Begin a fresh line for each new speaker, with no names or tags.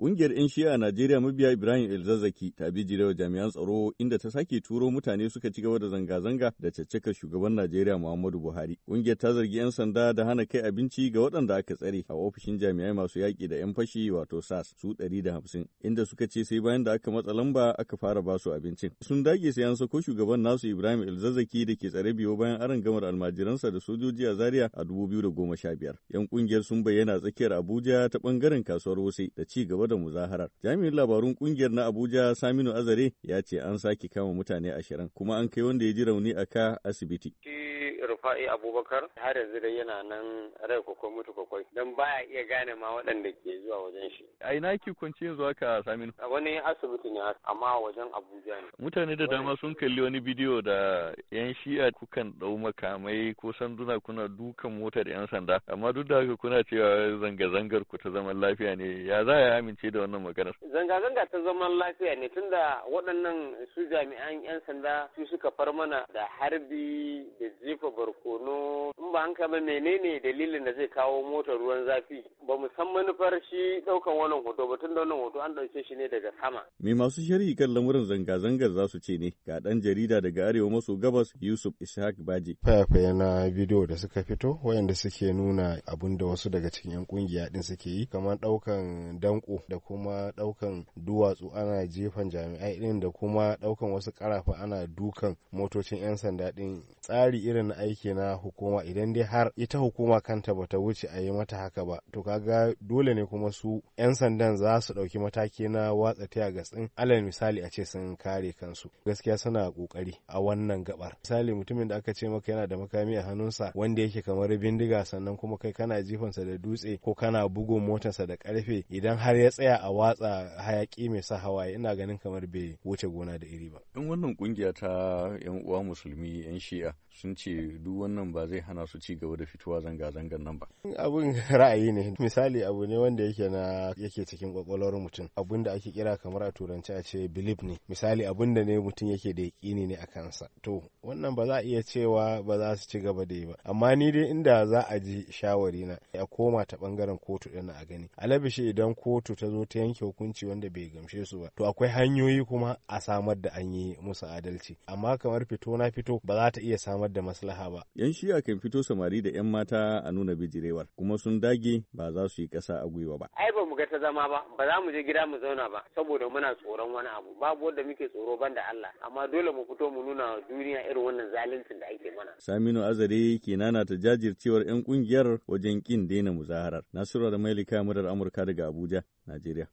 Ƙungiyar 'yan shi'a a Najeriya mabiya Ibrahim Elzazaki ta bi jirewa jami'an tsaro inda ta sake turo mutane suka ci gaba da zanga-zanga da caccakar shugaban Najeriya Muhammadu Buhari. Ƙungiyar ta zargi 'yan sanda da hana kai abinci ga waɗanda aka tsare a ofishin jami'ai masu yaƙi da 'yan fashi wato SAS su ɗari da hamsin, inda suka ce sai bayan da aka matsa lamba aka fara basu abincin. Sun dage sai an sako shugaban nasu Ibrahim Elzazaki da ke tsare biyo bayan aron gamar almajiransa da sojoji a Zaria a 2015. 'Yan ƙungiyar sun bayyana tsakiyar Abuja ta ɓangaren kasuwar Wuse da ci gaba da muzaharar. Jami'in labarun kungiyar na Abuja Saminu Azare ya ce an sake kama mutane ashirin kuma an kai wanda ya ji rauni a ka asibiti.
Eh, rufa'i abubakar har yanzu dai yana nan rai kwakwai mutu kwakwai don baya iya gane ma waɗanda ke zuwa wajen shi
a ina ki kwanci yanzu haka saminu
a wani asibiti ne amma wajen abuja ne
mutane da dama sun kalli wani bidiyo da yan shi'a kukan ɗau makamai ko sanduna kuna dukan motar yan sanda amma duk da haka kuna cewa zanga-zangar ku ta zaman lafiya ne ya za a amince da wannan maganar
zanga-zanga ta zaman lafiya ne tunda waɗannan su jami'an yan sanda su suka far mana da harbi da hanka ba menene dalilin da zai kawo motar ruwan zafi ba mu san manufar shi daukan wannan hoto ba tun da wannan hoto an dauke shi ne daga sama.
Me masu shari'i kan lamurin zanga-zangar za su ce ne ga dan jarida daga arewa maso gabas Yusuf Ishaq Baje.
Fayafaye na bidiyo da suka fito wayanda suke nuna abun da wasu daga cikin yan kungiya din suke yi kamar ɗaukan danko da kuma daukan duwatsu ana jefan jami'ai din da kuma ɗaukan wasu karafa ana dukan motocin yan sanda ɗin tsari irin aiki na hukuma idan in dai har ita hukuma kanta bata wuce a yi mata haka ba to kaga dole ne kuma su 'yan sandan za su ɗauki mataki na watsa taya gatsin alal misali a ce sun kare kansu gaskiya suna kokari a wannan gabar misali mutumin da aka ce maka yana da makami a hannunsa wanda yake kamar bindiga sannan kuma kai kana jifansa da dutse ko kana bugun motarsa da karfe idan har ya tsaya a watsa hayaki mai sa hawaye ina ganin kamar bai wuce gona da
iri ba in wannan kungiya ta yan uwa musulmi yan shi'a sun ce duk wannan ba zai hana su ci gaba da fitowa zanga-zangar nan ba.
Abin ra'ayi ne misali abu ne wanda yake na yake cikin kwakwalwar mutum abun da ake kira kamar a turanci a ce bilib ne misali abun da ne mutum yake da yaƙini ne a kansa to wannan ba za a iya cewa ba za su ci gaba da yi ba amma ni dai inda za a ji shawari na a koma ta bangaren kotu din a gani alabishi idan kotu ta zo ta yanke hukunci wanda bai gamshe su ba to akwai hanyoyi kuma a samar da an yi musu adalci amma kamar fito na fito ba za ta iya samar da maslaha ba
yan shiya kan fito samari da 'yan mata a nuna bijirewar kuma sun dage ba za su yi ƙasa a gwiwa ba.
Ai ba mu ga ta zama ba ba za mu je gida mu zauna ba saboda muna tsoron wani abu babu wanda muke tsoro banda Allah amma dole mu fito mu nuna wa duniya irin wannan zaluncin da ake mana.
Saminu Azare ke nana ta jajircewar 'yan kungiyar wajen kin daina muzaharar. Nasiru da Mailika Murar Amurka daga Abuja, Najeriya.